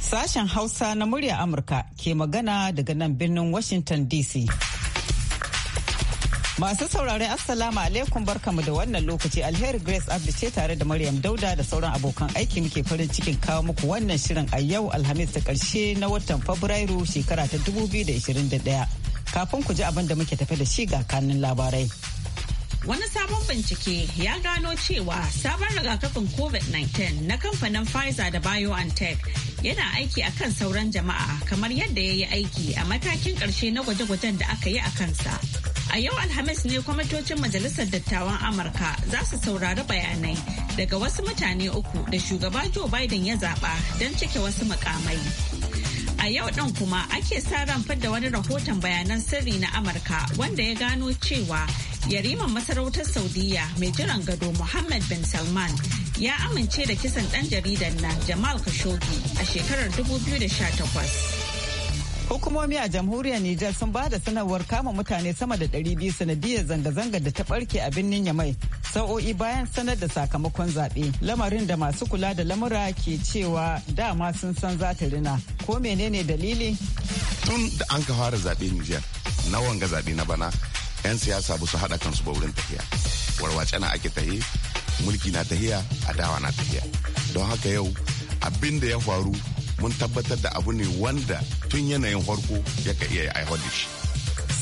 Sashen Hausa na murya Amurka ke magana daga nan birnin Washington DC. Masu saurare Assalamu alaikum barkamu da wannan lokaci alheri Grace Abdi ce tare da Maryam Dauda da sauran abokan aiki muke farin cikin kawo muku wannan shirin a yau Alhamis ta karshe na watan Fabrairu shekara ta 2021. kafin ku ji abin da muke tafe da shi ga kanin labarai. Wani sabon bincike ya gano cewa sabon rigakafin COVID-19 na kamfanin Pfizer da BioNTech yana aiki a kan sauran jama'a kamar yadda ya yi aiki a matakin ƙarshe na gwaje-gwajen da aka yi a kansa. A yau Alhamis ne kwamitocin Majalisar Dattawan Amurka za su saurari bayanai daga wasu mutane uku da shugaba Joe Biden ya zaɓa don cike wasu mukamai. A yau ɗin kuma ake sa ran fidda wani rahoton bayanan sirri na Amurka wanda ya gano cewa yariman masarautar Saudiya mai jiran gado Muhammad bin Salman ya amince da kisan ɗan jaridan na Jamal Khashoggi a shekarar 2018. Hukumomi a jamhuriyar Nijar sun ba da sanarwar kama mutane sama da ɗari 200 sanadiyar zanga-zanga da ta ɓarke a birnin Yamai sa'o'i bayan sanar da sakamakon zaɓe. Lamarin da masu kula da lamura ke cewa dama sun san za ta rina. Ko menene dalili? Tun da an ka fara zaɓe Nijar, na wanga zaɓe na bana, 'yan siyasa ba su haɗa kansu ba wurin tafiya. Warwace na ake tahi mulki na tahiya, adawa na tahiya. Don haka yau abin da ya faru mun tabbatar da abu ne wanda tun yanayin farko ya ka iya aiwar da shi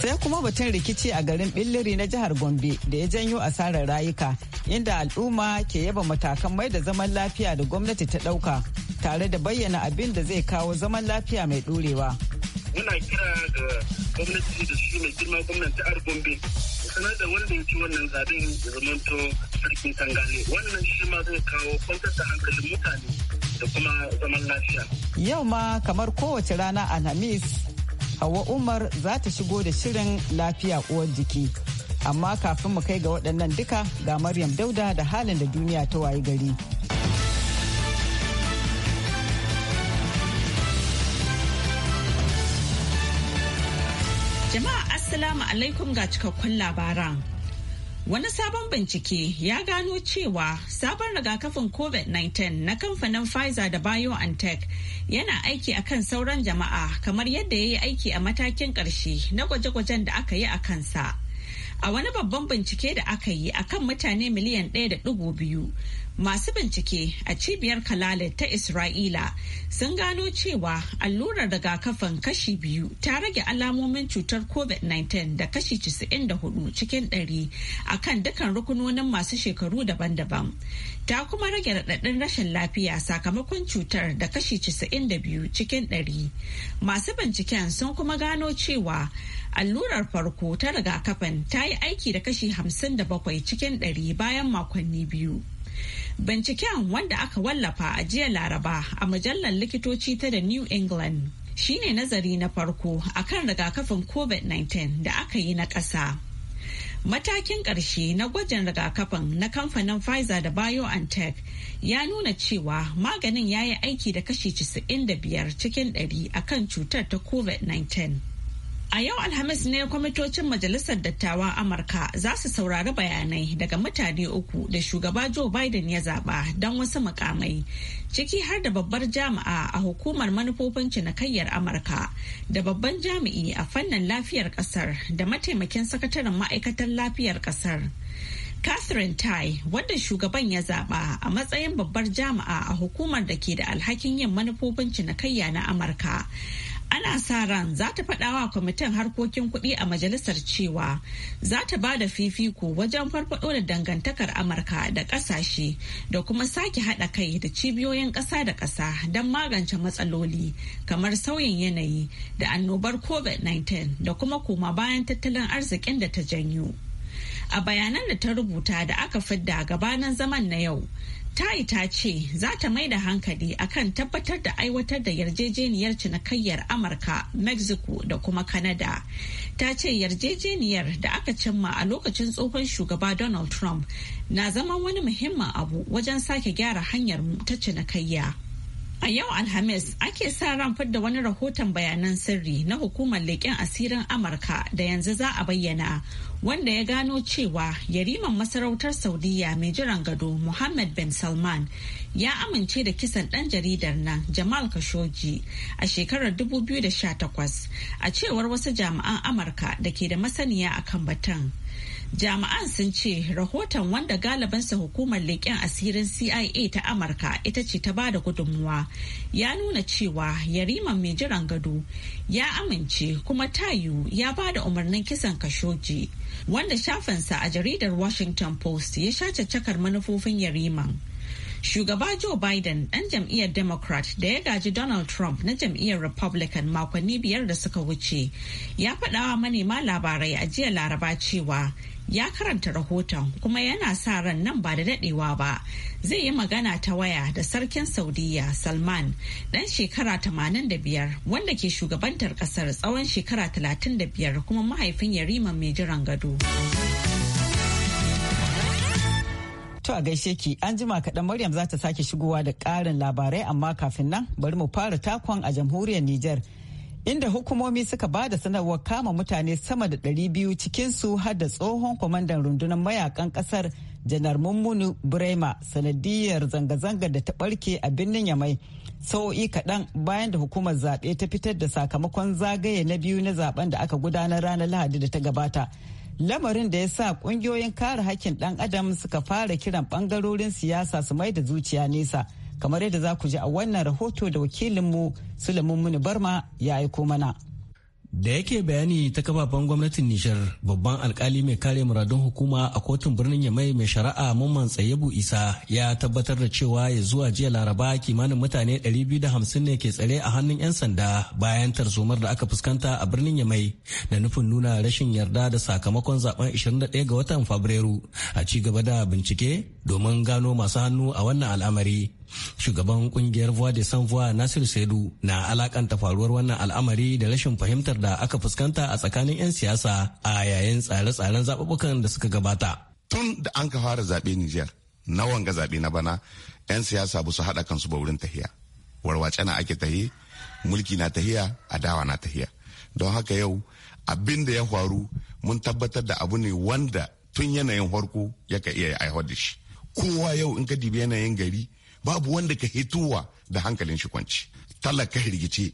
sai kuma batun rikici a garin billiri na jihar gombe da ya janyo asarar rayuka inda al'umma ke yaba matakan mai da zaman lafiya da gwamnati ta dauka tare da bayyana abin da zai kawo zaman lafiya mai dorewa muna kira ga gwamnati da shi mai girma gwamnan jihar gombe sanar da wanda ya ci wannan zaben zamanto sarkin tangale wannan shi ma zai kawo kwantar da hankalin mutane da kuma zaman lafiya. Yau ma kamar kowace rana Alhamis, Hawa Umar za ta shigo da shirin lafiya uwar jiki. Amma kafin mu kai ga waɗannan duka ga Maryam Dauda da halin da duniya ta wayi gari. Jama'a Assalamu alaikum ga cikakkun labaran. Wani sabon bincike ya gano cewa sabon rigakafin COVID-19 na kamfanin Pfizer da BioNTech yana aiki a kan sauran jama'a kamar yadda ya yi aiki a matakin ƙarshe na gwaje-gwajen da aka yi a kansa. A wani babban bincike da aka yi a kan mutane miliyan ɗaya da biyu, Masu bincike a cibiyar Kalalet ta Isra'ila sun gano cewa allurar rigakafin kashi biyu ta rage alamomin cutar COVID-19 da kashi 94 cikin 100 a kan dukkan rukunonin masu shekaru daban-daban. Ta kuma rage raɗaɗin rashin lafiya sakamakon cutar da kashi 92 cikin 100. Masu binciken sun kuma gano cewa allurar farko ta rigakafin ta yi aiki da kashi 57 cikin 100 bayan makonni biyu. Binciken wanda aka wallafa a jiya Laraba a mujallar likitoci ta da New England shine nazari na farko a kan rigakafin COVID-19 da aka yi na ƙasa. Matakin ƙarshe na gwajin rigakafin na kamfanin Pfizer da BioNTech ya nuna cewa maganin ya yi aiki da kashi 95 cikin 100 akan cutar ta COVID-19. A yau Alhamis ne kwamitocin Majalisar Dattawan Amurka za su saurari bayanai daga mutane uku da shugaba Joe Biden ya zaba don wasu mukamai, ciki har da babbar jami'a a hukumar manufofin cinikayyar Amurka da babban jami'i a fannin lafiyar kasar da mataimakin sakataren ma'aikatar lafiyar kasar. Catherine Tai, wanda shugaban ya zaba a matsayin babbar jami'a a hukumar da ke da alhakin yin manufofin cinikayya na Amurka, ana sa ran za ta faɗa wa kwamitin harkokin kuɗi a majalisar cewa za ta ba da fifiko wajen farfaɗo da dangantakar amurka da ƙasashe da kuma sake haɗa kai da cibiyoyin ƙasa da ƙasa don magance matsaloli kamar sauyin yanayi da annobar covid-19 da kuma koma bayan tattalin arzikin da ta janyo a bayanan da ta rubuta da aka fidda gabanin zaman na yau tai ta ce za ta mai da hankali akan tabbatar da aiwatar da yarjejeniyar cinikayyar amurka mexico da kuma canada ta ce yarjejeniyar da aka cimma a lokacin tsohon shugaba donald trump na zama wani muhimmin abu wajen sake gyara hanyar ta cinikayya A yau Alhamis ake sa ran fidda wani rahoton bayanan sirri na hukumar leƙen asirin Amurka da yanzu za a bayyana wanda ya gano cewa yariman masarautar Saudiya mai jiran gado Muhammad bin Salman ya amince da kisan ɗan jaridar nan Jamal Khashoggi a shekarar 2018 a cewar wasu jami'an Amurka da ke da masaniya akan batun. jami'an sun ce rahoton wanda galibinsa hukumar leƙen asirin cia ta amurka ita ce ta bada gudunmuwa ya nuna cewa yariman mai jiran gado ya amince kuma tayu ya bada umarnin kisan kashoji wanda shafinsa a jaridar washington post ya sha cakar manufofin yariman Shugaba Joe Biden ɗan jam'iyyar Democrat da ya gaji Donald Trump na jam'iyyar Republican makonni biyar da suka wuce ya faɗawa manema labarai a jiya laraba cewa ya karanta rahoton kuma yana sa ran nan ba da daɗewa ba zai yi magana ta waya da sarkin saudiya salman ɗan shekara 85 wanda ke shugabantar ƙasar tsawon shekara 35 kuma mahaifin yarima mai jiran gado. To a gaishe ki an jima kaɗan Maryam za ta sake shigowa da ƙarin labarai amma kafin nan bari mu fara takon a jamhuriyar Nijar. Inda hukumomi suka ba da sanarwar kama mutane sama da ɗari biyu cikinsu har da tsohon kwamandan rundunar mayakan ƙasar janar mummunu Burema sanadiyar zanga-zangar da ta ɓarke a birnin Yamai. Sau'i kaɗan bayan da hukumar zaɓe ta fitar da sakamakon zagaye na biyu na zaben da aka gudanar ranar Lahadi da ta gabata. lamarin da ya sa kungiyoyin kare hakkin dan adam suka fara kiran bangarorin siyasa su mai da zuciya nesa kamar yadda za ku ji a wannan rahoto da wakilinmu sulamun muni barma ya aiko mana. da yake bayani ta kafafen gwamnatin Nijar babban alkali mai kare muradun hukuma a kotun birnin Yamai mai shari'a Mamman Tsayebu Isa ya tabbatar da cewa ya zuwa jiya Laraba kimanin mutane 250 ne ke tsare a hannun 'yan sanda bayan tarzomar da aka fuskanta a birnin Yamai da nufin nuna rashin yarda da sakamakon zaben 21 ga watan Fabrairu a ci gaba da bincike domin gano masu hannu a wannan al'amari. Shugaban kungiyar Voix de San Voix Nasir Saidu na alakanta faruwar wannan al'amari da rashin fahimtar da aka fuskanta a tsakanin 'yan siyasa a yayin tsare-tsaren zaɓuɓɓukan da suka gabata. Tun da an ka fara zaɓe Nijar, na wanga zaɓe na bana, 'yan siyasa ba su haɗa kansu ba wurin tahiya. Warwace na ake tahi, mulki na tahiya, adawa na tahiya. Don haka yau abin da ya faru mun tabbatar da abu ne wanda tun yanayin farko yaka ka iya haifar da shi. Kowa yau in ka dibi yanayin gari babu wanda ka hituwa da hankalin shi kwanci talaka hirgice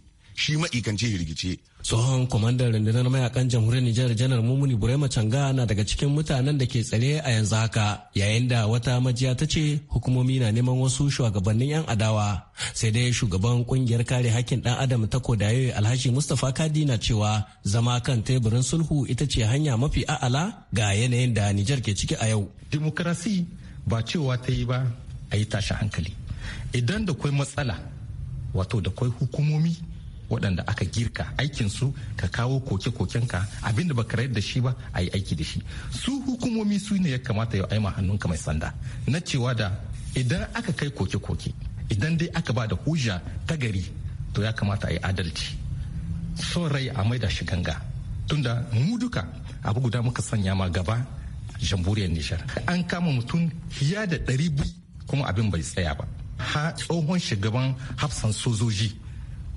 shi ma'ikance hirgice tsohon kwamandan rundunar mayakan jamhuriyar nijar janar mumuni burema canga na daga cikin mutanen da ke tsare a yanzu haka yayin da wata majiya ta ce hukumomi na neman wasu shugabannin yan adawa sai dai shugaban kungiyar kare hakkin dan adam ta kodaye alhaji mustapha kadi na cewa zama kan teburin sulhu ita ce hanya mafi a'ala ga yanayin da nijar ke ciki a yau dimokarasi ba cewa ta yi ba a yi tashi hankali idan da kwai matsala wato da kwai hukumomi waɗanda aka girka aikinsu ka kawo koke-kokenka abinda baka rayar da shi ba a yi aiki da shi su hukumomi su ne ya kamata ya aima hannunka mai sanda na cewa da idan aka kai koke-koke idan dai aka ba da hujja ta gari to ya kamata a yi adalci son rai a maida shi ganga tunda mu duka abu guda muka sanya ma gaba jamhuriyar nishar an kama mutum fiye da ɗari biyu kuma abin bai tsaya ba tsohon shugaban hafsan sojoji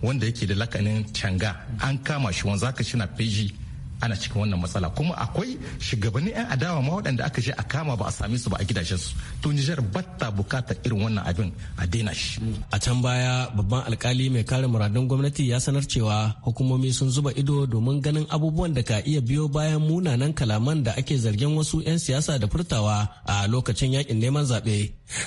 wanda yake da lakanin canga an kama shi wanzaka shi na feji ana cikin wannan matsala kuma akwai shugabannin 'yan adawa ma waɗanda aka je a kama ba a same su ba a gidajensu to nijar batta bukatar irin wannan abin a daina shi a can baya babban alkali mai kare muradun gwamnati ya sanar cewa hukumomi sun zuba ido domin ganin abubuwan da ka iya biyo bayan munanan kalaman da ake zargin wasu 'yan siyasa da furtawa a lokacin yakin neman zaɓe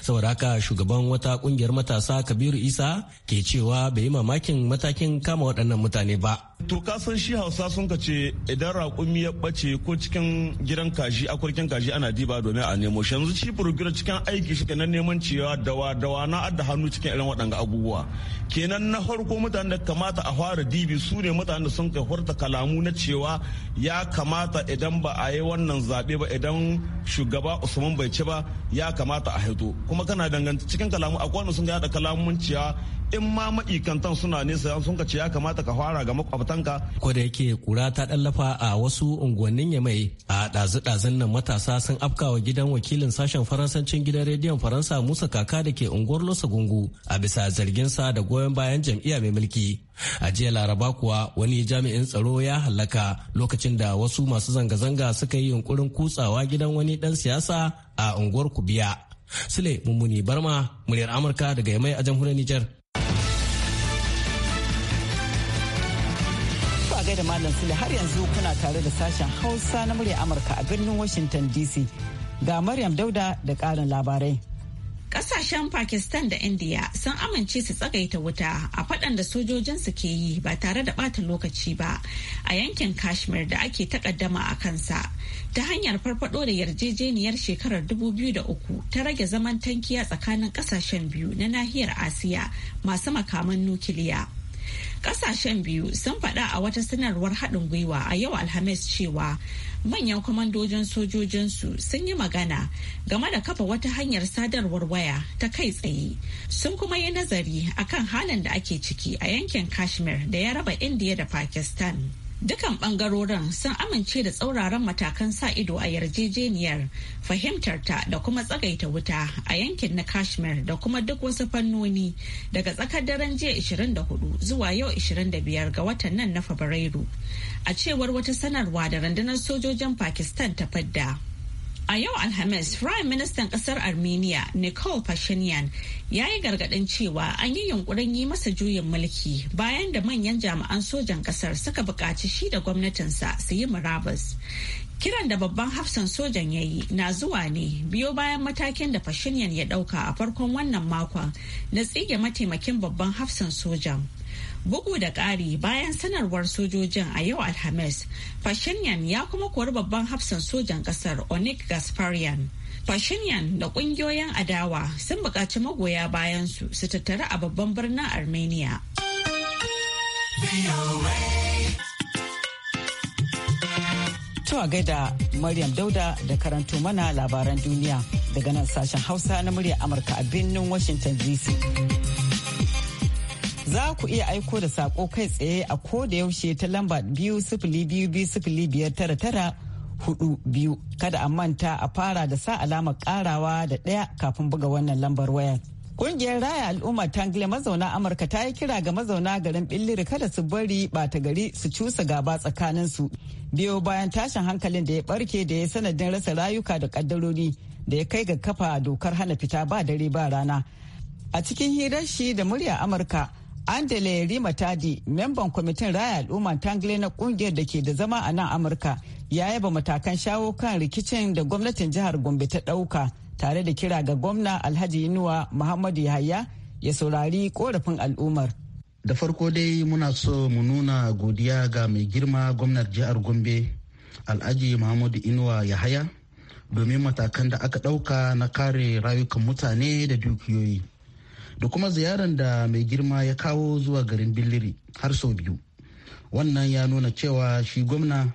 saboda haka shugaban wata kungiyar matasa kabiru isa ke cewa bai yi mamakin matakin kama waɗannan mutane ba To kasan shi Hausa sun ka ce idan raƙumi ya ɓace ko cikin gidan kaji a kurkin kaji ana diba domin a nemo shi yanzu shi burgira cikin aiki shi kenan neman cewa dawa dawa na adda hannu cikin irin waɗanga abubuwa. Kenan na farko mutanen da kamata a fara dibi su ne mutanen da sun ka furta kalamu na cewa ya kamata idan ba a yi wannan zaɓe ba idan shugaba Usman bai ci ba ya kamata a haito kuma kana danganta cikin kalamu akwai wanda sun ga yada kalamun cewa in ma ma'ikantan suna nesa sun ka ce ya kamata ka fara ga makwabtanka. Ko da yake kura ta dallafa a wasu unguwannin ya mai a dazu ɗazun nan matasa sun afkawa gidan wakilin sashen Faransancin gidan rediyon Faransa Musa Kaka da ke unguwar Losa Gungu a bisa zargin sa da goyon bayan jam'iyya mai mulki. A jiya Laraba kuwa wani jami'in tsaro ya hallaka lokacin da wasu masu zanga-zanga suka yi yunkurin kutsawa gidan wani dan siyasa a unguwar Kubiya. Sule Mummuni Barma, muryar Amurka daga Yamai a jamhuriyar Nijar. da Malam Sule har yanzu kuna tare da sashen Hausa na murya Amurka a birnin Washington DC. Ga Maryam Dauda da ƙarin labarai. Kasashen Pakistan da India sun amince su tsagaita wuta a faɗan da sojojin su ke yi ba tare da bata lokaci ba a yankin Kashmir da ake takaddama a kansa ta hanyar farfado da yarjejeniyar shekarar 2003 ta rage zaman tankiya tsakanin kasashen biyu na nahiyar Asiya masu makaman nukiliya. Ƙasashen biyu sun faɗa a wata sanarwar haɗin gwiwa a yau Alhamis cewa manyan kwamandojin sojojinsu sun yi magana game da kafa wata hanyar sadarwar waya ta kai tsaye. Sun kuma yi nazari akan halin da ake ciki a yankin Kashmir da ya raba Indiya da Pakistan. Dukan bangarorin sun amince da tsauraran matakan sa ido a yarjejeniyar fahimtar ta da kuma tsagaita wuta a yankin na Kashmir da kuma duk wasu fannoni daga tsakar daren jiya 24 zuwa yau 25 ga watan nan na Fabrairu. A cewar wata sanarwa da rundunar sojojin Pakistan ta fadda. A yau Alhamis, Prime Ministan kasar Armenia, Nikol Pashinyan, ya yi gargaɗin cewa an yi yunkurin yi masa juyin mulki bayan da manyan jami'an sojan ƙasar suka buƙaci shi da gwamnatinsa su yi murabus. Kiran da babban hafsan sojan ya yi na zuwa ne biyo bayan matakin da fashinyan ya dauka a farkon wannan makon na tsige mataimakin babban hafsan sojan. Bugu da ƙari bayan sanarwar sojojin a yau Alhamis, fashinyan ya kuma kori babban hafsan sojan ƙasar Onik Gasparian. Fashinyan da ƙungiyoyin adawa sun buƙaci magoya bayansu su tattara a babban birnin Armenia. To a gaida Maryam Dauda da karanto mana labaran duniya daga nan sashen Hausa na murya Amurka a birnin Washington DC. Za ku iya aiko da saƙo kai tsaye a ko da yaushe ta lamba biyu sifili biyu biyu sifili biyar tara tara hudu biyu kada a manta a fara da sa alamar karawa da ɗaya kafin buga wannan lambar wayar. Kungiyar raya al'umma Tangle mazauna Amurka ta yi kira ga mazauna garin Billiri kada su bari bata gari su cusa gaba tsakaninsu. Biyo bayan tashin hankalin da ya barke da ya sanadin rasa rayuka da kaddaroni da ya kai ga kafa dokar hana fita ba dare ba rana. A cikin hirar shi da murya Amurka, Andele Rima Tadi, memban kwamitin raya al'umma Tangle na kungiyar da ke da zama a nan Amurka, ya yaba matakan shawo kan rikicin da gwamnatin jihar Gombe ta ɗauka. tare da kira ga gwamna alhaji yinuwa muhammadu yahaya ya saurari korafin al'ummar da farko dai muna so mu nuna godiya ga mai girma gwamnar jihar gombe alhaji muhammadu inuwa yahaya domin matakan da aka ɗauka na kare rayukan mutane da dukiyoyi da kuma ziyarar da mai girma ya kawo zuwa garin Biliri har sau biyu wannan ya nuna cewa shi gwamna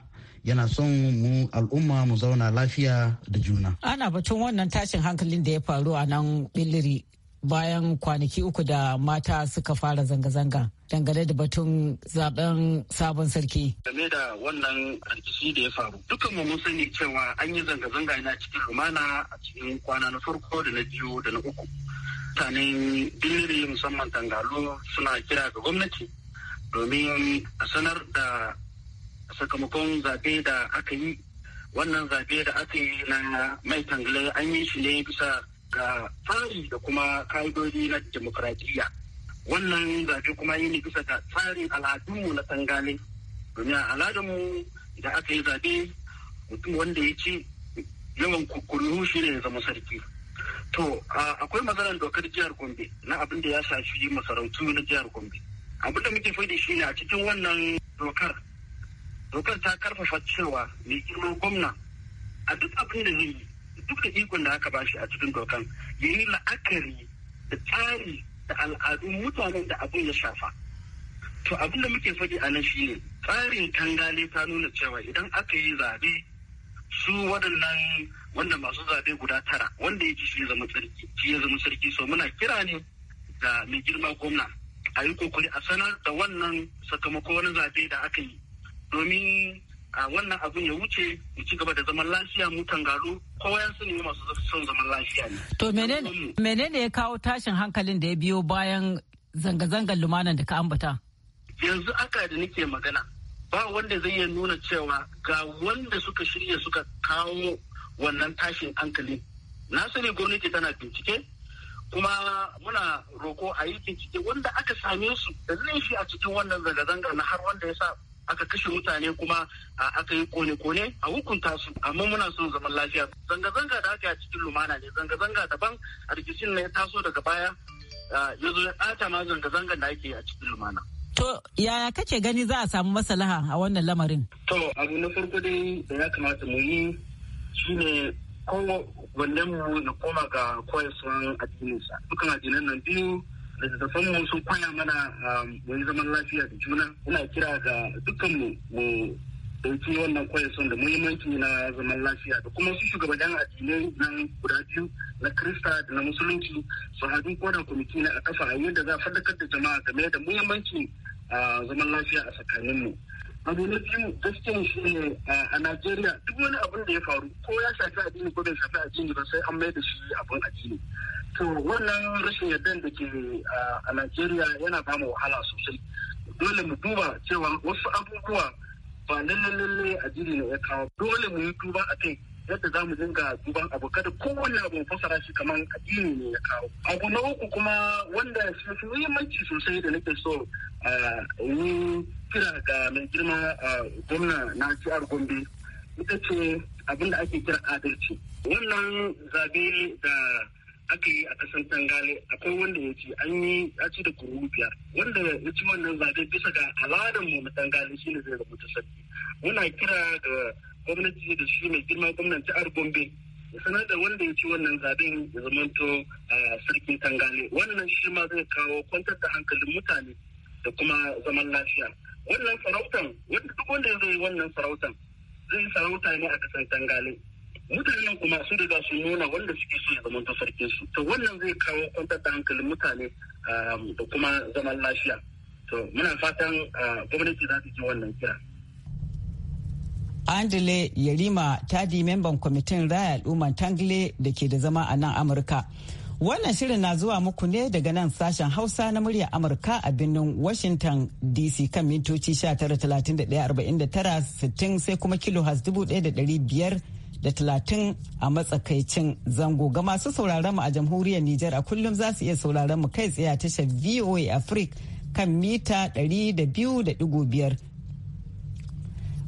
yana son mu al'umma mu zauna lafiya da juna. Ana batun wannan tashin hankalin da ya faru a nan Biliri bayan kwanaki uku da mata suka fara zanga-zanga dangane da batun zaben sabon sarki. Game da wannan rikici da ya faru, dukanmu mun sani cewa an yi zanga-zanga yana cikin lumana a cikin kwana na farko da na biyu da na uku. Mutanen Biliri musamman Tangalo suna kira ga gwamnati domin a sanar da sakamakon zaɓe da aka yi wannan zaɓe da aka yi na mai tangale an yi shi ne bisa ga tsari da kuma ka'idodi na demokradiyya wannan zaɓe kuma yi ne bisa ga tsarin al'adunmu na tangale domin al'adunmu da aka yi zaɓe mutum wanda ya ce yawan kurkuru shi ne zama sarki to akwai matsalar dokar jihar gombe na abin da ya shafi masarautu na jihar gombe abin da muke faɗi shi ne a cikin wannan dokar dokar ta karfafa cewa mai girma gwamna a duk abin da zai yi duk da ikon da aka bashi a cikin dokan ya yi la'akari da tsari da al'adun mutanen da abin ya shafa to abin da muke faɗi a nan shine tsarin tangale ta nuna cewa idan aka yi zaɓe su waɗannan wanda masu zaɓe guda tara wanda ya ci shi zama sarki shi ya zama sarki so muna kira ne da mai girma gwamna a yi kokari a sanar da wannan sakamako wani zaɓe da aka yi domin wannan abin ya wuce mu ci gaba da zaman lafiya mu tangaro kowa ya sani masu son zaman lafiya ne. To menene ya kawo tashin hankalin da ya biyo bayan zanga-zangar lumanan da ka ambata? Yanzu aka da nake magana ba wanda zai iya nuna cewa ga wanda suka shirya suka kawo wannan tashin hankali. Na sani gwamnati tana bincike kuma muna roko a yi bincike wanda aka same su da laifi a cikin wannan zanga-zangar na har wanda ya sa aka kashe mutane kuma aka yi kone-kone a hukunta su amma muna son zaman lafiya zanga-zanga da aka yi a cikin lumana ne zanga-zanga daban a rikicin na ya taso daga baya ya zo ya ɓata ma zanga-zangan da ake yi a cikin lumana. To yaya kake gani za a samu masalaha a wannan lamarin? To abu na farko dai da ya kamata mu yi shine kowanne mu na koma ga koyaswan addininsa. dukkan addinan nan biyu littattafan mu sun koya mana um, mu zaman lafiya da juna ina kira ga dukkanmu mu dauki wannan son da muhimmanci na zaman lafiya da kuma su shugabannin addinai na guda biyu na krista da na musulunci su haɗu da kwamiti na a kafa hanyar da za a faɗakar da jama'a game da muhimmancin uh, zaman lafiya a tsakaninmu. mu abu na biyu gaskiyan shi ne a najeriya duk wani abun da ya faru ko ya shafi addini ko bai shafi addini ba sai an mai da shi abin addini to wannan rashin yardan da ke a najeriya yana ba mu wahala sosai dole mu duba cewa wasu abubuwa ba lalle lallai addini ne ya kawo dole mu yi duba a kai yadda za mu dinga duban abu kada kowane abu fasara shi kamar addini ne ya kawo abu na uku kuma wanda shi fi muhimmanci sosai da nake so ni kira ga mai girma a gwamna na jihar gombe ita ce abin da ake kira adalci wannan zabe da aka yi a kasan tangale akwai wanda ya ci an yi ya ci da kuru biyar wanda ya ci wannan zabe bisa ga al'adar mu na tangale shine zai rubuta sarki muna kira ga gwamnati da shi mai girma gwamnan jihar gombe ya sanar da wanda ya ci wannan zaben ya zamanto sarkin tangale wannan shi ma zai kawo kwantar da hankalin mutane da kuma zaman lafiya wannan sarautan wanda duk wanda ya zai wannan sarautan zai sarauta ne a kasan tangale mutanen kuma sun riga sun nuna wanda suke so ya zamanto sarkin su to wannan zai kawo kwantar da hankalin mutane da kuma zaman lafiya to muna fatan gwamnati za ta ji wannan kira andile yarima tadi memban kwamitin raya al'umman tangle da ke da zama a nan amurka wannan shirin na zuwa muku ne daga nan sashen hausa na murya amurka a birnin washington dc kan mintoci 19,31,49,60 sai kuma da talatin a matsakaicin zango ga masu sauraron mu a jamhuriyar nijar a kullum za su iya sauraron mu kai tsaye a tashar voa africa kan mita 200.5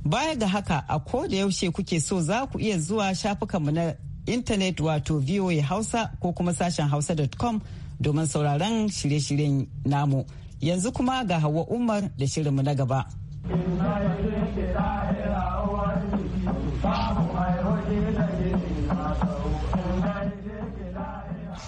Baya ga haka a ko da yaushe kuke so za ku iya zuwa shafukanmu na intanet wato VOA Hausa ko kuma sashen hausa.com domin sauraron shirye-shiryen namu. Yanzu kuma ga Hawa Umar da shirinmu na gaba.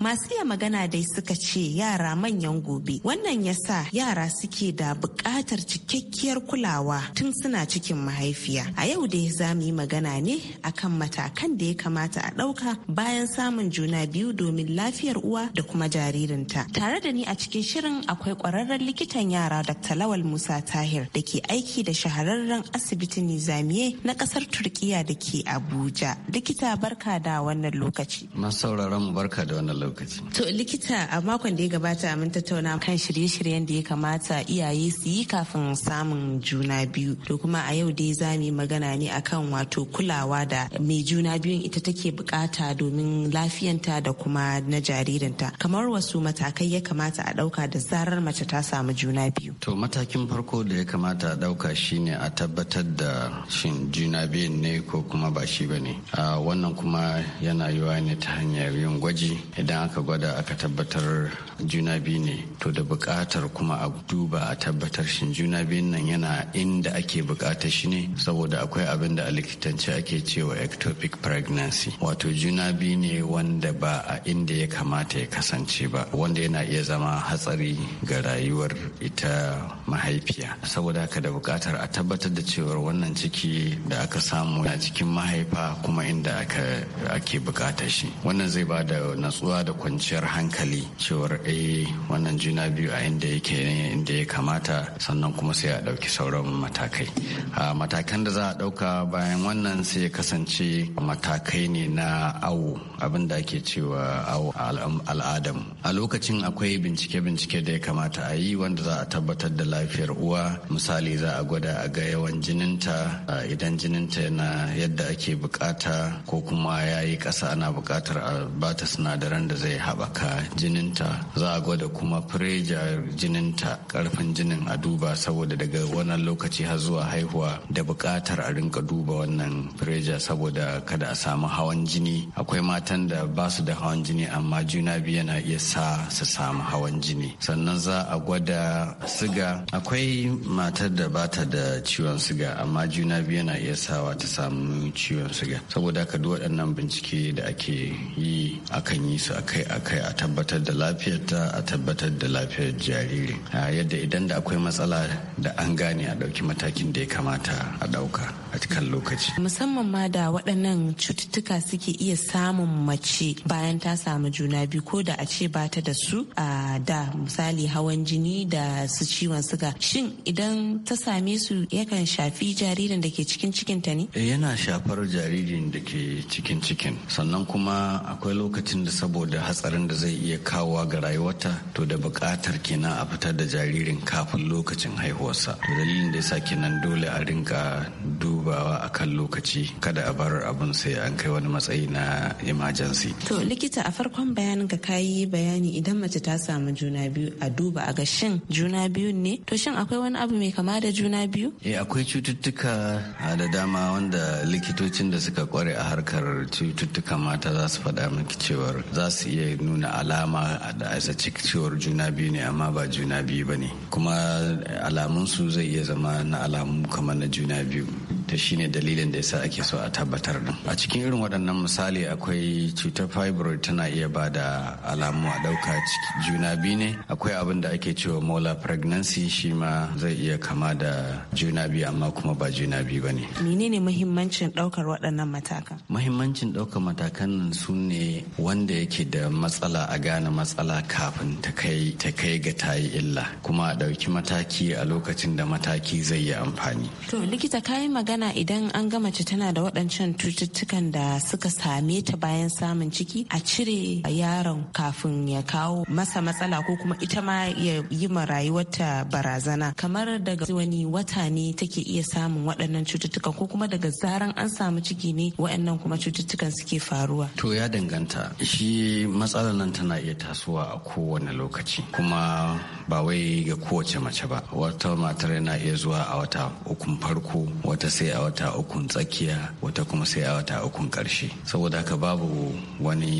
Masu iya magana dai suka ce yara manyan gobe. Wannan ya sa yara suke da buƙatar cikakkiyar kulawa tun suna cikin mahaifiya. A yau dai za mu yi magana ne akan matakan da ya kamata a ɗauka bayan samun juna biyu domin lafiyar uwa da kuma jaririnta. Tare da ni a cikin shirin akwai ƙwararren likitan yara da Lawal Musa Tahir da ke aiki da shahararren asibitin Nizamiye na ƙasar Turkiya da ke Abuja. Likita barka da wannan lokaci. Masu sauraron barka da wannan lokaci. lokaci. To likita a makon da ya gabata mun tattauna kan shirye-shiryen da ya kamata iyaye su yi kafin samun juna biyu. To kuma a yau dai za mu yi magana ne akan wato kulawa da mai juna biyun ita take bukata domin lafiyanta da kuma na jaririnta. Kamar wasu matakai ya kamata a ɗauka da zarar mace ta samu juna biyu. To matakin farko da ya kamata a ɗauka shine a tabbatar da shin juna biyun ne ko kuma ba shi ba ne. Wannan kuma yana yiwuwa ne ta hanyar yin gwaji idan aka gwada aka tabbatar juna biyu ne to da bukatar kuma a duba a tabbatar shin juna biyun nan yana inda ake bukatar shi ne saboda akwai abin da a likitance ake cewa ectopic pregnancy wato juna biyu ne wanda ba a inda ya kamata ya kasance ba wanda yana iya zama hatsari ga rayuwar ita mahaifiya saboda haka da bukatar a tabbatar da cewar wannan ciki da aka samu na cikin mahaifa kuma inda ake bukatar shi wannan zai ba da natsuwa da kwanciyar hankali cewar eh wannan juna biyu a inda yake ne inda ya kamata sannan kuma sai a ɗauki sauran matakai matakan da za a ɗauka bayan wannan sai ya kasance matakai ne na awo abin da ake cewa awo al'adam a lokacin akwai bincike-bincike da ya kamata a yi wanda za a tabbatar da lafiyar uwa misali za a gwada a ga yawan jininta idan jininta yana yadda ake bukata ko kuma ya yi ƙasa ana bukatar a bata sinadaran da zai haɓaka jininta za a gwada kuma furejar jininta karfin jinin a duba saboda daga wannan lokaci har zuwa haihuwa da buƙatar a rinka duba wannan fureja saboda kada a samu hawan jini akwai matan da ba su da hawan jini amma juna biyu yana iya sa su samu hawan jini sannan za a gwada siga akwai matar da ba ta da ciwon siga amma juna biyu yana iya sawa ta samu ciwon siga saboda haka duk waɗannan bincike da ake yi akan yi su akai akai a tabbatar da lafiyarta a tabbatar da lafiyar jariri yadda idan da akwai matsala da an gane a ɗauki matakin da ya kamata a ɗauka a cikin lokaci musamman ma da waɗannan cututtuka suke iya samun mace bayan ta samu juna biyu ko da a ce ba ta da su a da misali hawan jini da su ciwon suga shin idan ta same su yakan shafi jaririn da ke cikin cikinta ne eh, yana shafar jaririn da ke cikin cikin sannan kuma akwai lokacin da saboda da hatsarin da zai iya kawowa ga rayuwarta to da buƙatar kenan a fitar da jaririn kafin lokacin haihuwarsa to dalilin da yasa kenan dole a rinka dubawa akan lokaci kada a bar abun sai an kai wani matsayi na emergency to likita a farkon bayanin ka kayi bayani idan mace ta samu juna biyu a duba a ga shin juna biyun ne to shin akwai wani abu mai kama da juna biyu eh akwai cututtuka ah, da dama wanda likitocin da suka kware a harkar cututtuka mata za su faɗa miki cewar za su iya nuna alama da asa cewar juna biyu ne amma ba juna biyu ba ne kuma alamunsu zai iya zama na alamu kamar na juna biyu ta shine dalilin da ya sa ake so a tabbatar din a cikin irin waɗannan misali akwai cutar fibroid tana iya ba da alamu a ɗauka juna biyu ne akwai abin da ake cewa molar pregnancy shi ma zai iya kama da juna biyu amma kuma ba juna biyu ba ne menene muhimmancin ɗaukar waɗannan matakan muhimmancin ɗaukar matakan su ne wanda yake da matsala a gane matsala kafin ta kai ta kai ga tayi illa kuma a ɗauki mataki a lokacin da mataki zai yi amfani to likita kayi magana magana idan an ga mace tana da waɗancan cututtukan da suka same ta bayan samun ciki a cire yaron kafin ya kawo masa matsala ko kuma ita ma ya yi ma rayuwarta barazana kamar daga wani wata ne take iya samun waɗannan cututtukan ko kuma daga zaran an samu ciki ne waɗannan kuma cututtukan suke faruwa. To ya danganta shi matsalar nan tana iya tasowa a kowane lokaci kuma ba wai ga kowace mace ba wata matar yana iya zuwa a wata ukun farko wata sai sai a wata ukun tsakiya wata kuma sai a wata ukun karshe saboda haka babu wani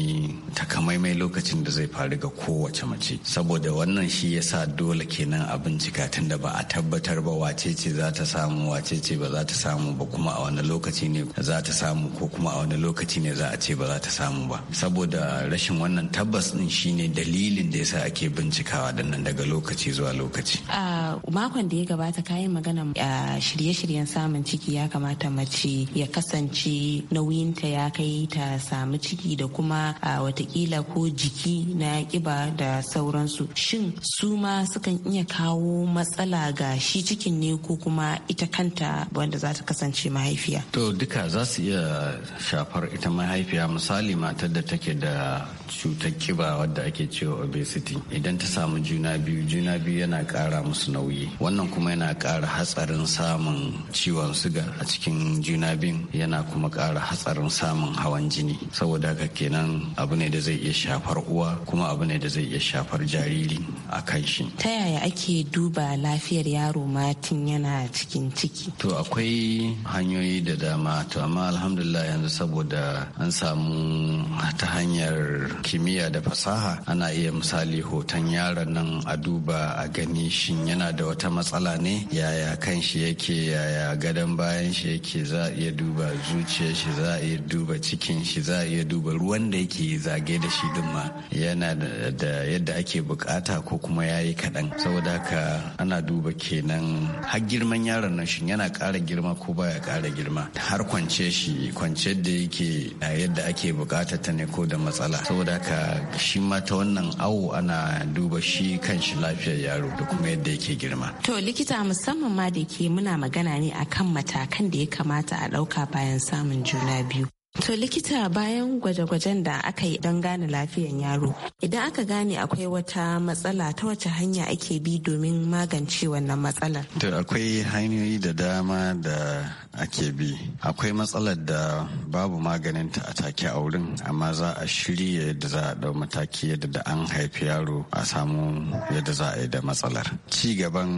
takamaimai lokacin da zai faru ga kowace mace saboda wannan shi ya sa dole kenan a bincika tun da ba a tabbatar ba wace ce za ta samu wace ce ba za ta samu ba kuma a wani lokaci ne za ta samu ko kuma a wani lokaci ne za a ce ba za ta samu ba saboda rashin wannan tabbas din shine dalilin da yasa ake bincikawa da nan daga lokaci zuwa lokaci a makon da ya gabata kayan magana shirye-shiryen samun ciki ya kamata mace ya kasance nauyinta ya kai ta samu ciki da kuma a watakila ko jiki na kiba da sauransu shin su ma sukan iya kawo matsala ga shi cikin ne ko kuma ita kanta wanda za ta kasance mahaifiya to duka za su iya shafar ita mahaifiya misali matar da take da cutar kiba wadda ake cewa obesity idan ta samu juna biyu juna biyu yana kara musu nauyi wannan kuma yana kara hatsarin samun ciwon suga a cikin juna biyun yana kuma ƙara hatsarin samun hawan jini saboda haka kenan abu ne da zai iya shafar uwa kuma abu ne da zai iya shafar jariri a kan shi ta yaya ake duba lafiyar yaro matin yana cikin ciki to akwai hanyoyi da dama to amma alhamdulillah yanzu saboda an samu ta hanyar kimiyya da fasaha ana iya misali hoton yaron nan a duba a gani shin yana da wata matsala ne yaya kan shi yake yaya gadon ba bayan shi yake za a iya duba zuciyar shi za a iya duba cikin shi za a iya duba ruwan da yake zage da shi din ma yana da yadda ake bukata ko kuma ya yi kaɗan saboda haka ana duba kenan har girman yaron nan shi yana kara girma ko baya ƙara girma har kwance shi kwance da yake yadda ake bukata ta ne ko da matsala saboda haka shi ma ta wannan awo ana duba shi kan shi lafiyar yaro da kuma yadda yake girma to likita musamman ma da ke muna magana ne akan mata matakan da ya kamata a ɗauka bayan samun juna biyu To likita bayan gwaje-gwajen da aka yi don gane lafiyan yaro, idan aka gane akwai wata matsala ta wace hanya ake bi domin magance wannan matsalar? To akwai hanyoyi da dama da ake bi. Akwai matsalar da babu maganinta a take a wurin, amma za a shirya yadda za a ɗau mataki yadda da an haifi yaro a samu yadda za a yi da matsalar. Ci gaban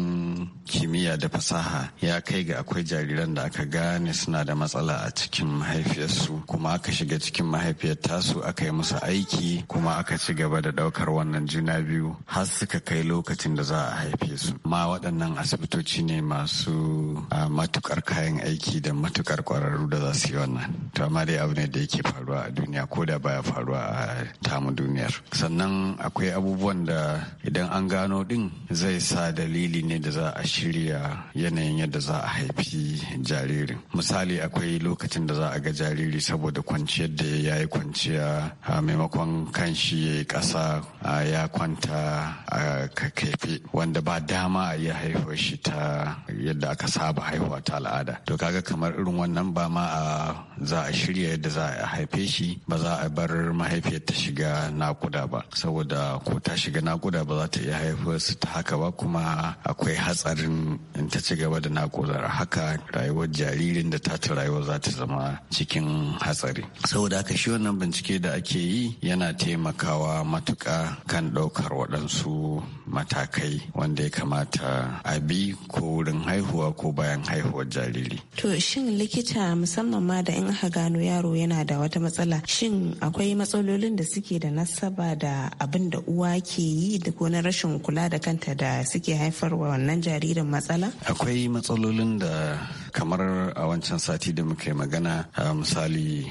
kimiyya da fasaha ya kai ga akwai jariran da aka gane suna da matsala a cikin mahaifiyarsu kuma aka shiga cikin mahaifiyar tasu aka yi musu aiki kuma aka ci gaba da daukar wannan juna biyu har suka kai lokacin da za a haife su ma waɗannan asibitoci ne masu matukar kayan aiki da matukar kwararru da za su yi wannan to amma dai abu ne da yake faruwa a duniya ko da baya faruwa a tamu duniyar sannan akwai abubuwan da idan an gano din zai sa dalili ne da za a shirya yanayin yadda za a haifi jaririn misali akwai lokacin da za a ga jariri saboda kwanciyar da ya yi kwanciya a maimakon kan shi ya yi ƙasa ya kwanta a kakaife wanda ba dama a iya haihuwar shi ta yadda aka saba haihuwa ta al'ada to kaga kamar irin wannan ba ma a za a shirya yadda za a haife shi ba za a bar mahaifiyar ta shiga nakuda ba saboda ko ta shiga nakuda ba za ta iya haifar su ta haka ba kuma akwai hatsarin in ta ci gaba da nakudar haka rayuwar jaririn da ta ta rayuwa za ta zama cikin hatsari saboda haka shi wannan bincike da ake yi yana taimakawa matuka kan ɗaukar waɗansu matakai wanda ya kamata a bi ko wurin haihuwa ko bayan haihuwar jariri. To shin likita musamman ma da in aka gano yaro yana da wata matsala shin akwai matsalolin da suke da nasaba da abin da uwa ke yi da ko na rashin kula da kanta da suke haifarwa wannan jaririn matsala? Akwai matsalolin da kamar a wancan sati da muka yi magana misali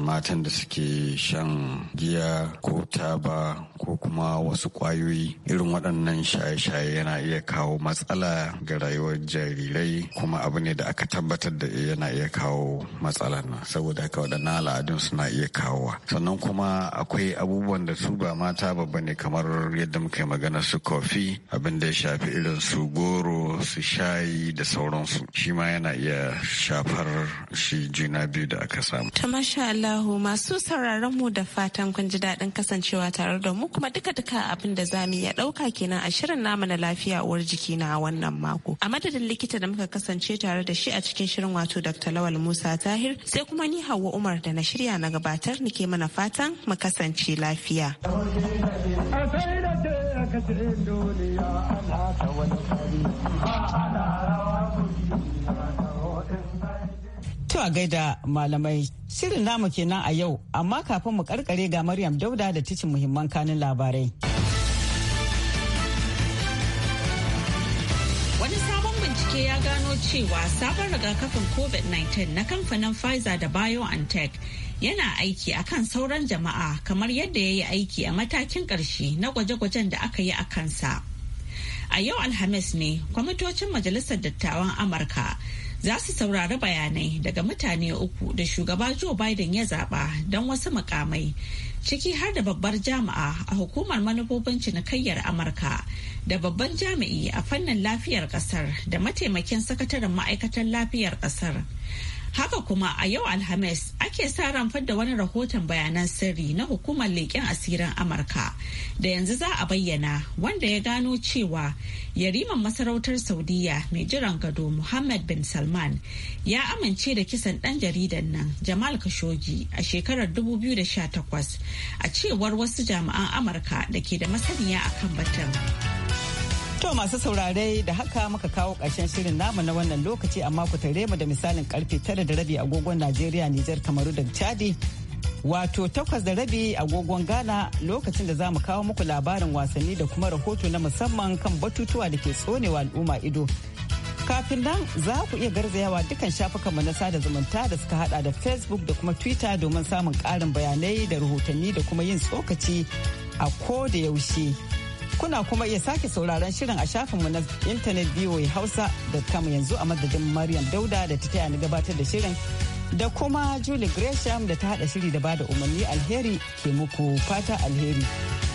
matan da suke shan giya ko taba ko kuma wasu kwayoyi irin waɗannan waɗannan shaye-shaye yana iya kawo matsala ga rayuwar jarirai kuma abu ne da aka tabbatar da eh yana iya kawo matsala na saboda haka waɗannan al'adun suna iya kawowa sannan kuma akwai abubuwan da su ba mata babba ne kamar yadda muka yi magana su kofi abin da ya shafi irin su goro su shayi da sauransu shi ma yana iya shafar shi juna biyu da aka samu. ta masha Allahu masu sauraron mu da fatan kun ji daɗin kasancewa tare da mu kuma duka-duka abin da za mu iya ɗauka kenan a shirin namu na lafiya uwar jiki na wannan mako. A madadin likita da muka kasance tare da shi a cikin shirin wato Dr. Lawal Musa Tahir sai kuma ni Hauwa Umar da na shirya na gabatar nike mana fatan mu kasance lafiya. To a gaida malamai shirin namu kenan a yau amma kafin mu karkare ga Maryam Dauda da ticin muhimman kanin labarai. Wani sabon bincike ya gano cewa sabon rigakafin COVID-19 na kamfanin Pfizer da BioNTech yana aiki a kan sauran jama'a kamar yadda ya yi aiki a matakin ƙarshe na gwaje-gwajen da aka yi a kansa. A yau Alhamis ne, kwamitocin Majalisar Dattawan Amurka za su saurari bayanai daga mutane uku da shugaba Joe Biden ya zaba don wasu mukamai ciki har da babbar jami'a a hukumar manufofin cinikayyar amurka da babban jami'i a fannin lafiyar kasar da mataimakin sakataren ma'aikatar lafiyar kasar Haka kuma a yau Alhamis ake sa ran fadda wani rahoton bayanan sirri na hukumar leƙen asirin Amurka da yanzu za a bayyana wanda ya gano cewa yariman masarautar Saudiya mai jiran gado Muhammad bin Salman ya amince da kisan ɗan jaridan nan Jamal Khashoggi a shekarar 2018 a cewar wasu jami'an Amurka da ke da masaniya a kan batun. To masu saurare da haka muka kawo ƙarshen shirin namu na wannan lokaci amma ku tare mu da misalin karfe tara da rabi agogon Najeriya, Nijar, Kamaru da Chadi. Wato takwas da rabi agogon Ghana lokacin da za mu kawo muku labarin wasanni da kuma rahoto na musamman kan batutuwa da ke tsonewa al'umma ido. Kafin nan za ku iya garzayawa dukkan mu na sada zumunta da suka hada da Facebook da kuma Twitter domin samun karin bayanai da rahotanni da kuma yin tsokaci a ko da yaushe. Kuna kuma iya sake sauraron shirin a shafinmu na intanet VOA Hausa.com yanzu a madadin Maryam Dauda da ta taya ni gabatar da shirin da kuma Julie Gresham da ta hada shiri da bada umarni alheri ke muku fata alheri.